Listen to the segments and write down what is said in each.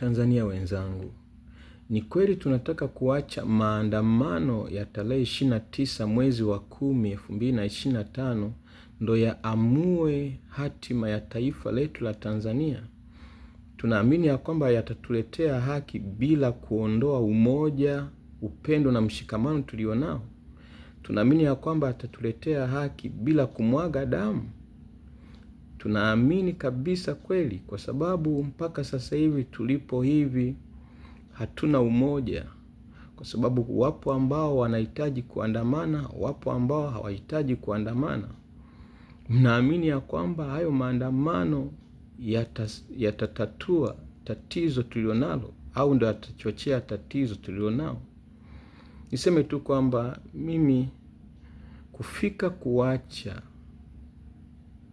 tanzania wenzangu, ni kweli tunataka kuacha maandamano ya tarehe 29 tisa mwezi wa kumi elfu na tano ndo yaamue hatima ya taifa letu la Tanzania? Tunaamini ya kwamba yatatuletea haki bila kuondoa umoja, upendo na mshikamano tulionao. Tunaamini ya kwamba yatatuletea haki bila kumwaga damu tunaamini kabisa kweli, kwa sababu mpaka sasa hivi tulipo hivi hatuna umoja, kwa sababu wapo ambao wanahitaji kuandamana, wapo ambao hawahitaji kuandamana. Mnaamini ya kwamba hayo maandamano yatatatua tatizo tulionalo au ndo yatachochea tatizo tulionao Niseme tu kwamba mimi kufika kuacha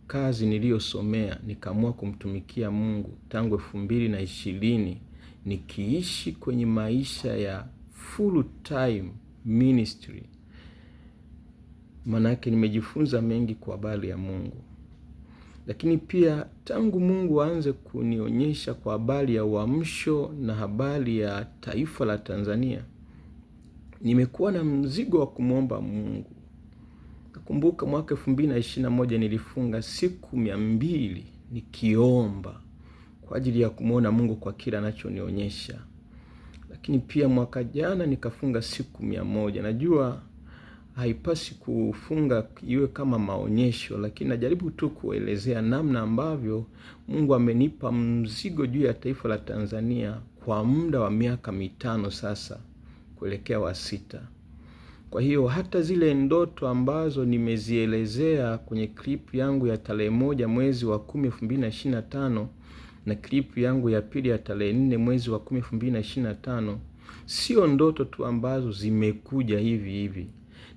kazi niliyosomea nikaamua kumtumikia Mungu tangu elfu mbili na ishirini nikiishi kwenye maisha ya full time ministry, nimejifunza mengi kwa habari ya Mungu, lakini pia tangu Mungu aanze kunionyesha kwa habari ya uamsho na habari ya taifa la Tanzania, nimekuwa na mzigo wa kumwomba Mungu Nakumbuka mwaka elfu mbili na ishirini na moja nilifunga siku mia mbili nikiomba kwa ajili ya kumwona Mungu kwa kila anachonionyesha, lakini pia mwaka jana nikafunga siku mia moja. Najua haipasi kufunga iwe kama maonyesho, lakini najaribu tu kuelezea namna ambavyo Mungu amenipa mzigo juu ya taifa la Tanzania kwa muda wa miaka mitano sasa kuelekea wa sita. Kwa hiyo hata zile ndoto ambazo nimezielezea kwenye klipu yangu ya tarehe moja mwezi wa kumi elfu mbili na ishirini na tano na klipu yangu ya pili ya tarehe nne mwezi wa kumi elfu mbili na ishirini na tano sio ndoto tu ambazo zimekuja hivi hivi,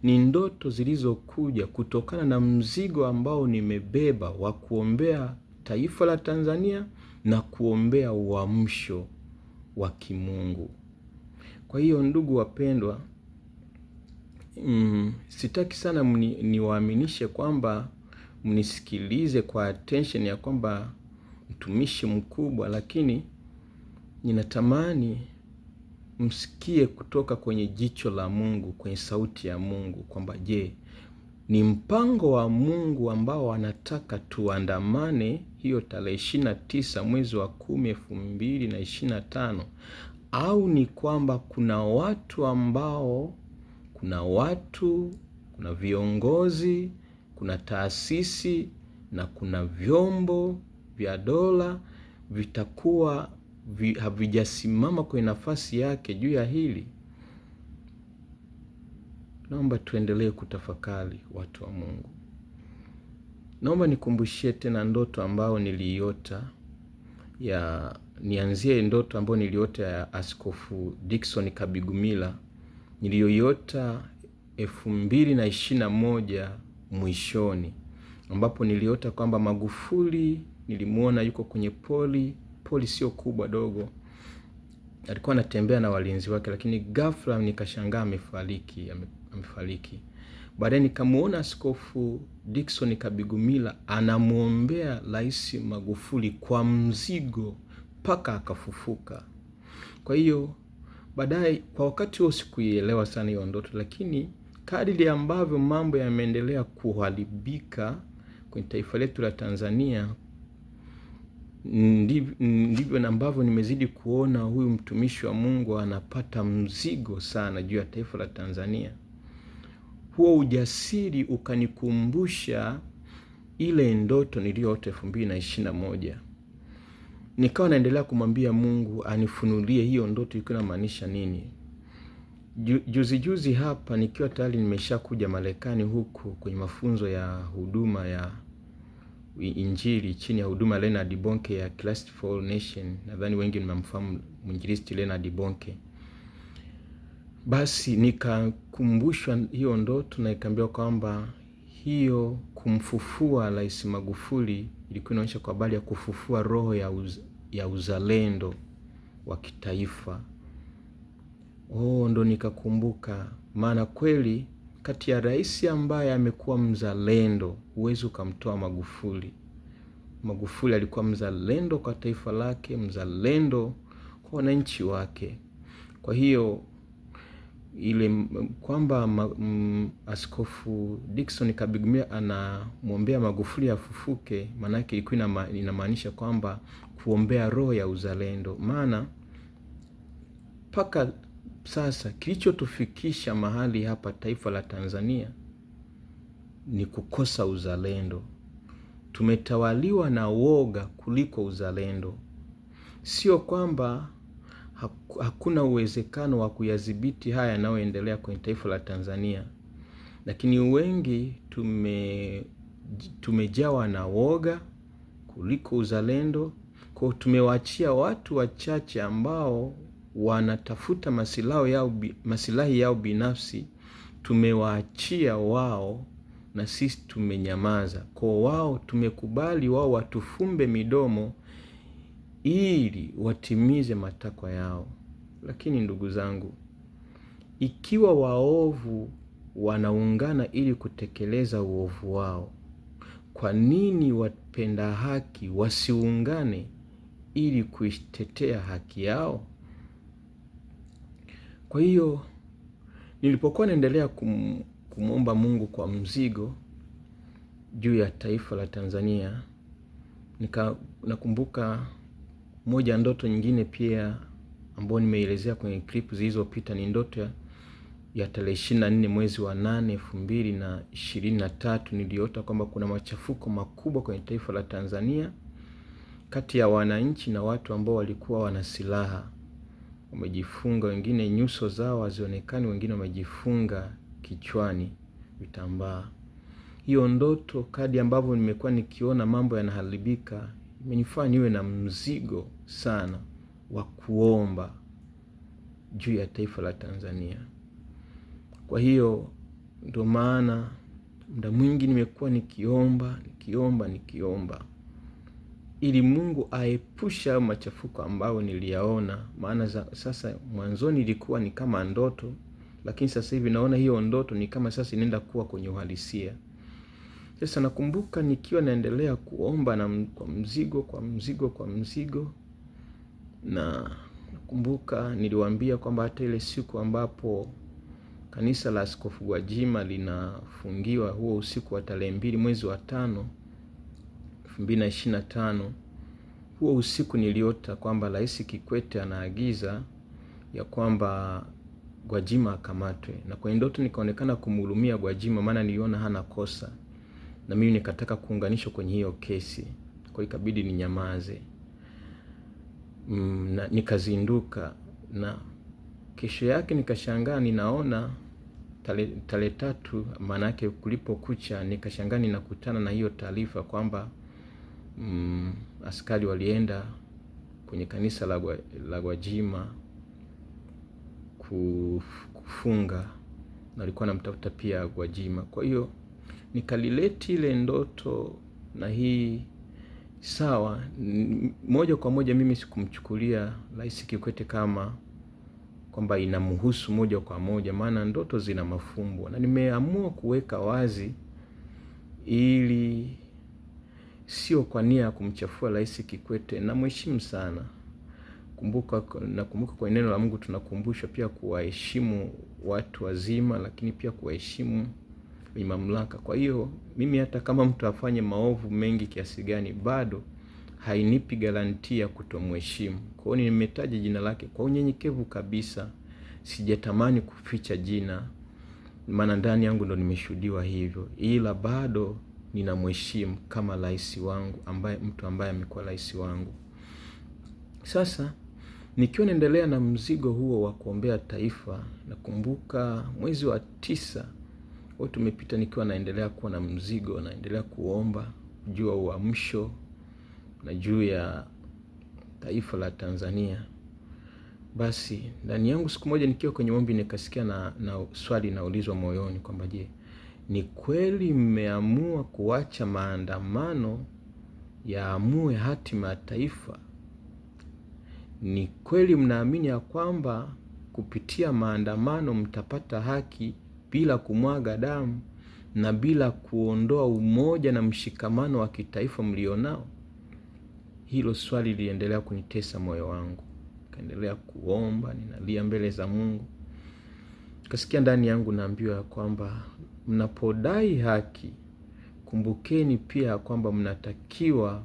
ni ndoto zilizokuja kutokana na mzigo ambao nimebeba wa kuombea taifa la Tanzania na kuombea uamsho wa kimungu. Kwa hiyo ndugu wapendwa mm, sitaki sana niwaaminishe ni kwamba mnisikilize kwa attention ya kwamba mtumishi mkubwa, lakini ninatamani msikie kutoka kwenye jicho la Mungu, kwenye sauti ya Mungu kwamba je, ni mpango wa Mungu ambao anataka tuandamane hiyo tarehe ishirini na tisa mwezi wa kumi elfu mbili na ishirini na tano au ni kwamba kuna watu ambao kuna watu, kuna viongozi, kuna taasisi na kuna vyombo vya dola vitakuwa vi, havijasimama kwenye nafasi yake juu ya hili, naomba tuendelee kutafakari, watu wa Mungu. Naomba nikumbushie tena ndoto ambayo niliiota ya nianzie ndoto ambayo niliota ya Askofu Dickson Kabigumila niliyoiota elfu mbili na ishirini na moja mwishoni, ambapo niliota kwamba Magufuli nilimwona yuko kwenye poli, poli sio kubwa, dogo, alikuwa anatembea na walinzi wake, lakini ghafla nikashangaa amefariki, amefariki. Baadaye nikamwona Askofu Dickson Kabigumila anamwombea Rais Magufuli kwa mzigo mpaka akafufuka. Kwa hiyo Baadaye kwa wakati huo sikuielewa sana hiyo ndoto, lakini kadiri ambavyo mambo yameendelea kuharibika kwenye taifa letu la Tanzania, ndivyo ambavyo nimezidi kuona huyu mtumishi wa Mungu anapata mzigo sana juu ya taifa la Tanzania. Huo ujasiri ukanikumbusha ile ndoto niliyoota elfu mbili na ishirini na moja. Nikawa naendelea kumwambia Mungu anifunulie hiyo ndoto ilikuwa inamaanisha nini. Juzijuzi juzi hapa nikiwa tayari nimeshakuja Marekani huku kwenye mafunzo ya huduma ya Injili chini ya huduma Leonard Bonke ya Christ for All Nation. Nadhani wengi mnamfahamu mwinjilisti Leonard Bonke. Basi nikakumbushwa hiyo ndoto na ikaambiwa kwamba hiyo kumfufua Rais Magufuli ilikuwa inaonyesha kwa habari ya kufufua roho ya, uz, ya uzalendo wa kitaifa. Oh, ndo nikakumbuka, maana kweli kati ya rais ambaye amekuwa mzalendo, huwezi ukamtoa Magufuli. Magufuli alikuwa mzalendo kwa taifa lake, mzalendo kwa wananchi wake. Kwa hiyo ile kwamba Askofu Dickson Kabigumia anamwombea Magufuli afufuke, maanake ilikuwa inamaanisha kwamba kuombea roho ya uzalendo, maana mpaka sasa kilichotufikisha mahali hapa taifa la Tanzania ni kukosa uzalendo. Tumetawaliwa na woga kuliko uzalendo. Sio kwamba hakuna uwezekano wa kuyadhibiti haya yanayoendelea kwenye taifa la Tanzania, lakini wengi tume tumejawa na woga kuliko uzalendo kwa tumewaachia watu wachache ambao wanatafuta masilahi yao, masilahi yao binafsi, tumewaachia wao na sisi tumenyamaza. Kwa wao tumekubali wao watufumbe midomo ili watimize matakwa yao. Lakini ndugu zangu, ikiwa waovu wanaungana ili kutekeleza uovu wao, kwa nini wapenda haki wasiungane ili kuitetea haki yao. Kwa hiyo nilipokuwa naendelea kum, kumwomba Mungu kwa mzigo juu ya taifa la Tanzania nika, nakumbuka moja ya ndoto nyingine pia ambayo nimeelezea kwenye klipu zilizopita ni ndoto ya, ya tarehe ishirini na nne mwezi wa nane elfu mbili na ishirini na tatu niliota kwamba kuna machafuko makubwa kwenye taifa la Tanzania kati ya wananchi na watu ambao walikuwa wana silaha, wamejifunga wengine, nyuso zao hazionekani, wengine wamejifunga kichwani vitambaa. Hiyo ndoto, kadi ambavyo nimekuwa nikiona mambo yanaharibika, imenifanya niwe na mzigo sana wa kuomba juu ya taifa la Tanzania. Kwa hiyo ndio maana muda mwingi nimekuwa nikiomba nikiomba nikiomba ili Mungu aepushe hayo machafuko ambayo niliyaona. Maana za, sasa mwanzoni ilikuwa ni kama ndoto, lakini sasa hivi naona hiyo ndoto ni kama sasa inaenda kuwa kwenye uhalisia. Sasa nakumbuka nikiwa naendelea kuomba na kwa mzigo kwa mzigo kwa mzigo, na nakumbuka niliwaambia kwamba hata ile siku ambapo kanisa la Askofu Gwajima linafungiwa huo usiku wa tarehe mbili mwezi wa tano 2025, huo usiku niliota kwamba Rais Kikwete anaagiza ya kwamba Gwajima akamatwe, na kwenye ndoto nikaonekana kumhurumia Gwajima, maana niliona hana kosa, na mimi nikataka kuunganishwa kwenye hiyo kesi, kwa ikabidi ninyamaze mm, na nikazinduka na kesho yake nikashangaa ninaona tarehe tale tatu, maana yake kulipo kucha, nikashangaa ninakutana na hiyo taarifa kwamba mm, askari walienda kwenye kanisa la, la Gwajima kufunga na alikuwa anamtafuta pia Gwajima. Kwa hiyo nikalileti ile ndoto na hii sawa, moja kwa moja. Mimi sikumchukulia Rais Kikwete kama kwamba inamhusu moja kwa moja, maana ndoto zina mafumbo, na nimeamua kuweka wazi ili sio kwa nia ya kumchafua Rais Kikwete, namheshimu sana. Kumbuka, nakumbuka kwa neno la Mungu tunakumbushwa pia kuwaheshimu watu wazima, lakini pia kuwaheshimu wenye mamlaka. Kwa hiyo mimi hata kama mtu afanye maovu mengi kiasi gani, bado hainipi garantia ya kutomheshimu. Kwa hiyo nimetaja jina lake kwa unyenyekevu kabisa, sijatamani kuficha jina, maana ndani yangu ndo nimeshuhudiwa hivyo, ila bado ninamheshimu kama rais wangu ambaye mtu ambaye amekuwa rais wangu. Sasa nikiwa naendelea na mzigo huo wa kuombea taifa, nakumbuka mwezi wa tisa wote tumepita, nikiwa naendelea kuwa na mzigo, naendelea kuomba juu ya uamsho na juu ya taifa la Tanzania. Basi ndani yangu siku moja nikiwa kwenye ombi nikasikia na, na swali naulizwa moyoni kwamba je, ni kweli mmeamua kuacha maandamano yaamue hatima ya taifa? Ni kweli mnaamini ya kwamba kupitia maandamano mtapata haki bila kumwaga damu na bila kuondoa umoja na mshikamano wa kitaifa mlionao? Hilo swali liliendelea kunitesa moyo wangu, nikaendelea kuomba, ninalia mbele za Mungu, kasikia ndani yangu naambiwa ya kwamba Mnapodai haki, kumbukeni pia kwamba mnatakiwa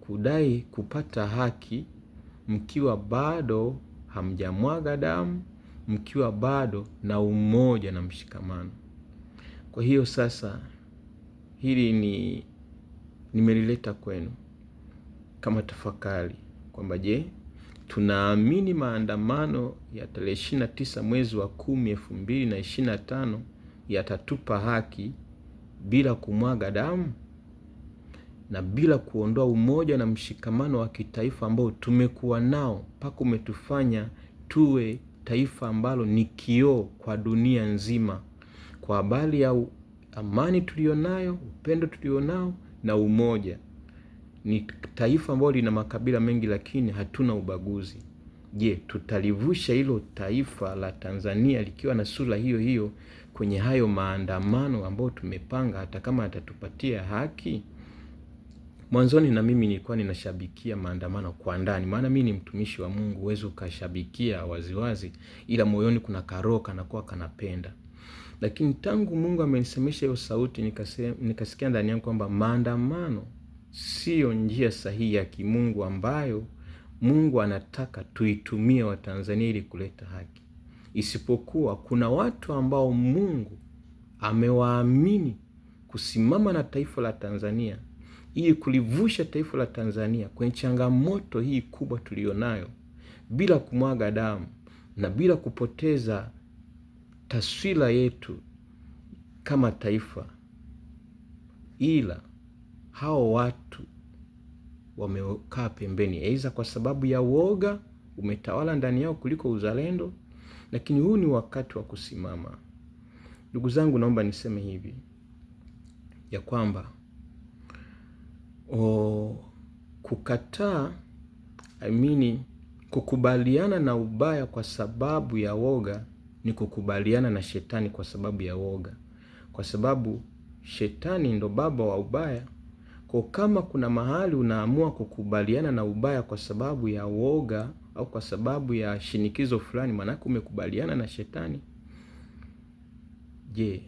kudai kupata haki mkiwa bado hamjamwaga damu, mkiwa bado na umoja na mshikamano. Kwa hiyo sasa, hili ni nimelileta kwenu kama tafakari kwamba je, tunaamini maandamano ya tarehe ishirini na tisa mwezi wa kumi elfu mbili na ishirini na tano yatatupa haki bila kumwaga damu na bila kuondoa umoja na mshikamano wa kitaifa ambao tumekuwa nao mpaka umetufanya tuwe taifa ambalo ni kioo kwa dunia nzima kwa habari ya amani tulionayo, upendo tulionao na umoja. Ni taifa ambalo lina makabila mengi, lakini hatuna ubaguzi. Je, tutalivusha hilo taifa la Tanzania likiwa na sura hiyo hiyo kwenye hayo maandamano ambayo tumepanga, hata kama atatupatia haki? Mwanzoni na mimi nilikuwa ninashabikia maandamano kwa ndani, maana mi ni mtumishi wa Mungu. Huwezi ukashabikia waziwazi, ila moyoni kuna karoho kanakuwa kanapenda. Lakini tangu Mungu amenisemesha hiyo sauti, nikasikia ndani yangu kwamba maandamano siyo njia sahihi ya kimungu ambayo Mungu anataka tuitumie Watanzania ili kuleta haki, isipokuwa kuna watu ambao Mungu amewaamini kusimama na taifa la Tanzania ili kulivusha taifa la Tanzania kwenye changamoto hii kubwa tuliyonayo, bila kumwaga damu na bila kupoteza taswira yetu kama taifa, ila hao watu wamekaa pembeni, aidha kwa sababu ya uoga umetawala ndani yao kuliko uzalendo, lakini huu ni wakati wa kusimama. Ndugu zangu, naomba niseme hivi ya kwamba o, kukataa amini, kukubaliana na ubaya kwa sababu ya woga ni kukubaliana na shetani kwa sababu ya woga, kwa sababu shetani ndo baba wa ubaya. Kwa kama kuna mahali unaamua kukubaliana na ubaya kwa sababu ya uoga au kwa sababu ya shinikizo fulani, maanake umekubaliana na shetani. Je,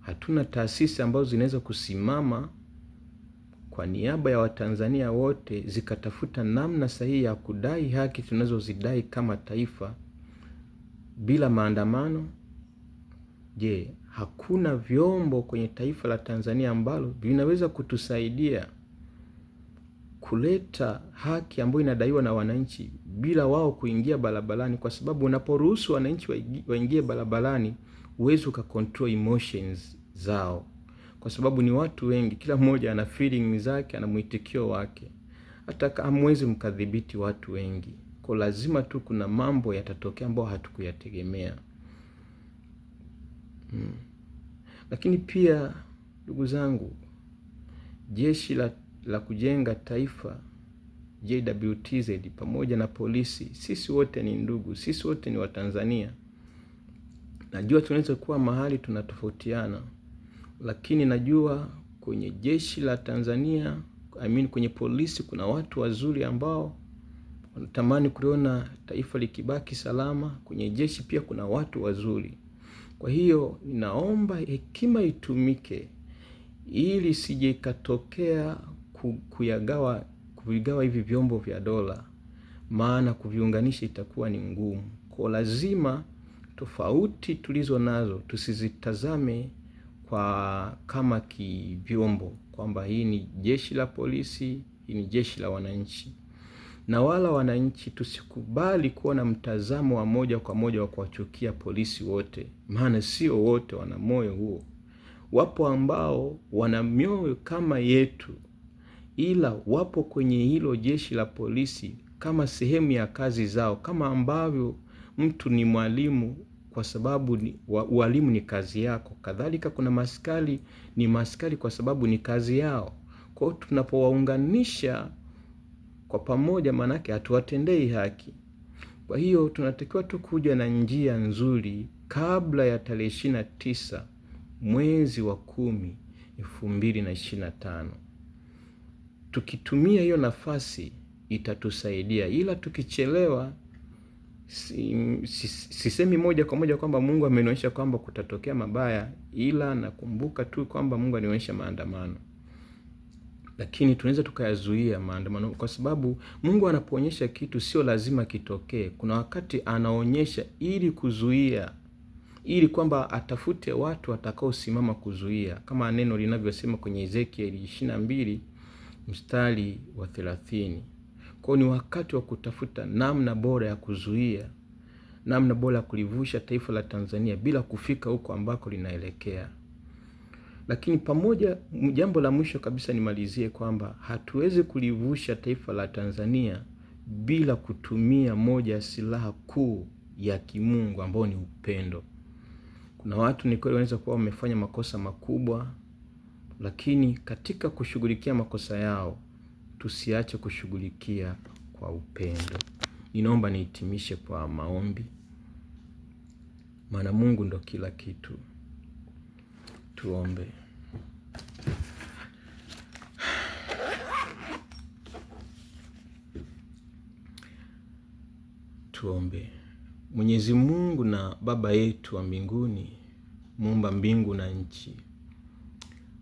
hatuna taasisi ambazo zinaweza kusimama kwa niaba ya Watanzania wote zikatafuta namna sahihi ya kudai haki tunazozidai kama taifa bila maandamano? Je, hakuna vyombo kwenye taifa la Tanzania ambalo vinaweza kutusaidia kuleta haki ambayo inadaiwa na wananchi bila wao kuingia barabarani, kwa sababu unaporuhusu wananchi waingie barabarani huwezi ukakontrol emotions zao, kwa sababu ni watu wengi, kila mmoja ana feeling zake, ana mwitikio wake, hata hamwezi mkadhibiti watu wengi. Kwa lazima tu kuna mambo yatatokea ambayo hatukuyategemea. Hmm. Lakini pia ndugu zangu, jeshi la, la kujenga taifa JWTZ pamoja na polisi, sisi wote ni ndugu, sisi wote ni Watanzania. Najua tunaweza kuwa mahali tunatofautiana, lakini najua kwenye jeshi la Tanzania I mean, kwenye polisi kuna watu wazuri ambao wanatamani kuliona taifa likibaki salama. Kwenye jeshi pia kuna watu wazuri. Kwa hiyo ninaomba hekima itumike ili sije ikatokea kuyagawa kuvigawa hivi vyombo vya dola, maana kuviunganisha itakuwa ni ngumu. Kwa lazima tofauti tulizo nazo tusizitazame kwa kama kivyombo, kwamba hii ni jeshi la polisi, hii ni jeshi la wananchi na wala wananchi tusikubali kuwa na mtazamo wa moja kwa moja wa kuwachukia polisi wote, maana sio wote wana moyo huo. Wapo ambao wana mioyo kama yetu, ila wapo kwenye hilo jeshi la polisi kama sehemu ya kazi zao, kama ambavyo mtu ni mwalimu kwa sababu ni, wa, ualimu ni kazi yako. Kadhalika kuna maskari ni maskari kwa sababu ni kazi yao. Kwa hiyo tunapowaunganisha kwa pamoja, maanake hatuwatendei haki. Kwa hiyo tunatakiwa tu kuja na njia nzuri kabla ya tarehe ishirini na tisa mwezi wa kumi elfu mbili na ishirini na tano. Tukitumia hiyo nafasi itatusaidia, ila tukichelewa sisemi moja kwa moja kwamba Mungu amenionyesha kwamba kutatokea mabaya, ila nakumbuka tu kwamba Mungu anionyesha maandamano lakini tunaweza tukayazuia maandamano, kwa sababu Mungu anapoonyesha kitu sio lazima kitokee. Kuna wakati anaonyesha ili kuzuia, ili kwamba atafute watu watakaosimama kuzuia, kama neno linavyosema kwenye Ezekieli ishirini na mbili mstari wa thelathini. Kwao ni wakati wa kutafuta namna bora ya kuzuia, namna bora ya kulivusha taifa la Tanzania bila kufika huko ambako linaelekea. Lakini pamoja, jambo la mwisho kabisa nimalizie kwamba hatuwezi kulivusha taifa la Tanzania bila kutumia moja ya silaha kuu ya kimungu ambayo ni upendo. Kuna watu ni kweli wanaweza kuwa wamefanya makosa makubwa, lakini katika kushughulikia makosa yao tusiache kushughulikia kwa upendo. Ninaomba nihitimishe kwa maombi, maana Mungu ndo kila kitu. Tuombe. Tuombe. Mwenyezi Mungu na Baba yetu wa mbinguni, muumba mbingu na nchi,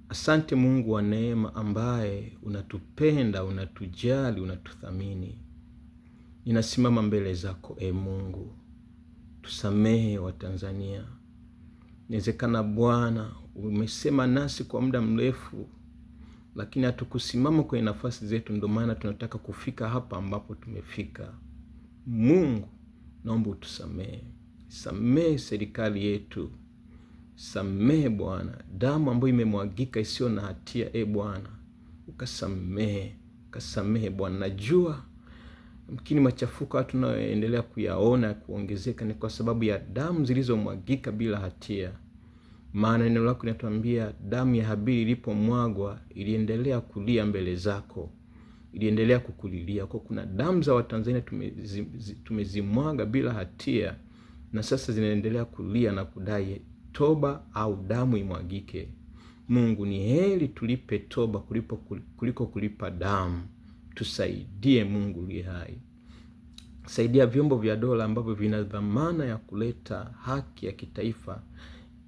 asante Mungu wa neema, ambaye unatupenda, unatujali, unatuthamini. Ninasimama mbele zako e Mungu, tusamehe Watanzania. Inawezekana Bwana umesema nasi kwa muda mrefu, lakini hatukusimama kwenye nafasi zetu, ndio maana tunataka kufika hapa ambapo tumefika. Mungu, naomba utusamehe, samehe serikali yetu, samehe Bwana damu ambayo imemwagika isiyo na hatia. E Bwana, ukasamehe, ukasamehe Bwana. Najua mkini machafuko haya tunayoendelea kuyaona kuongezeka ni kwa sababu ya damu zilizomwagika bila hatia, maana neno lako linatuambia damu ya Habili ilipomwagwa iliendelea kulia mbele zako iliendelea kukulilia kwa kuna damu za Watanzania tumezimwaga bila hatia, na sasa zinaendelea kulia na kudai toba au damu imwagike. Mungu, ni heri tulipe toba kulipo kuliko kulipa damu. Tusaidie Mungu uliye hai, saidia vyombo vya dola ambavyo vina dhamana ya kuleta haki ya kitaifa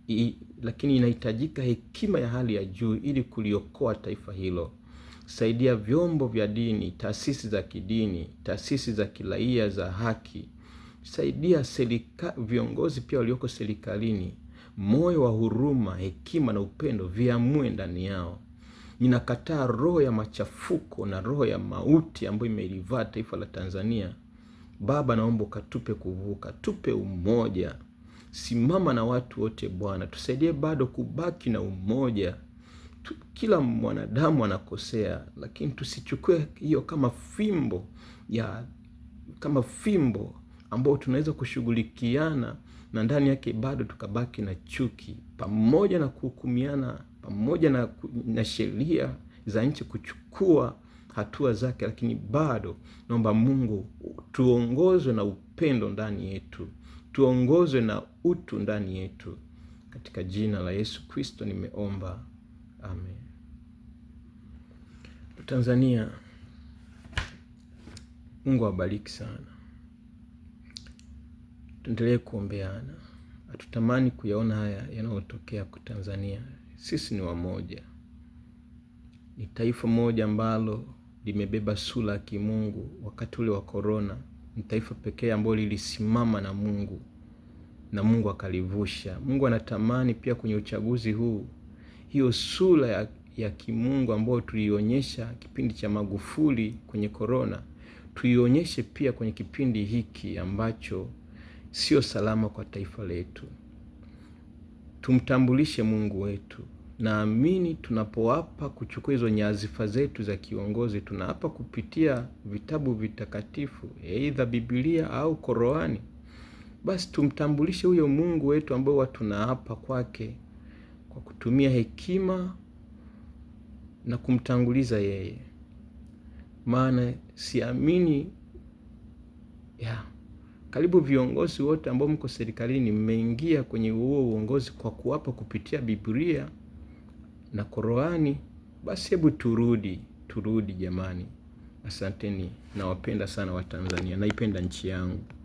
I, lakini inahitajika hekima ya hali ya juu ili kuliokoa taifa hilo saidia vyombo vya dini, taasisi za kidini, taasisi za kiraia za haki, saidia selika, viongozi pia walioko serikalini, moyo wa huruma, hekima na upendo viamue ndani yao. Ninakataa roho ya machafuko na roho ya mauti ambayo imelivaa taifa la Tanzania. Baba, naomba ukatupe kuvuka, tupe umoja, simama na watu wote Bwana, tusaidie bado kubaki na umoja kila mwanadamu anakosea, lakini tusichukue hiyo kama fimbo ya kama fimbo ambayo tunaweza kushughulikiana na ndani yake bado tukabaki na chuki, pamoja na kuhukumiana, pamoja na, na sheria za nchi kuchukua hatua zake, lakini bado naomba Mungu tuongozwe na upendo ndani yetu, tuongozwe na utu ndani yetu. Katika jina la Yesu Kristo nimeomba. Amen. Tanzania, Mungu awabariki sana. Tuendelee kuombeana, hatutamani kuyaona haya yanayotokea kwa Tanzania. Sisi ni wamoja, ni taifa moja ambalo limebeba sura ya kimungu. Wakati ule wa korona, ni taifa pekee ambalo lilisimama na Mungu na Mungu akalivusha. Mungu anatamani pia kwenye uchaguzi huu hiyo sura ya, ya kimungu ambayo tuliionyesha kipindi cha Magufuli kwenye korona, tuionyeshe pia kwenye kipindi hiki ambacho sio salama kwa taifa letu. Tumtambulishe Mungu wetu. Naamini tunapoapa kuchukua hizo nyadhifa zetu za kiongozi, tunaapa kupitia vitabu vitakatifu, aidha Biblia au Qur'ani, basi tumtambulishe huyo Mungu wetu ambao tunaapa kwake kwa kutumia hekima na kumtanguliza yeye, maana siamini ya karibu viongozi wote ambao mko serikalini mmeingia kwenye huo uongozi kwa kuwapa kupitia Biblia na Korani. Basi hebu turudi, turudi jamani. Asanteni, nawapenda sana Watanzania, naipenda nchi yangu.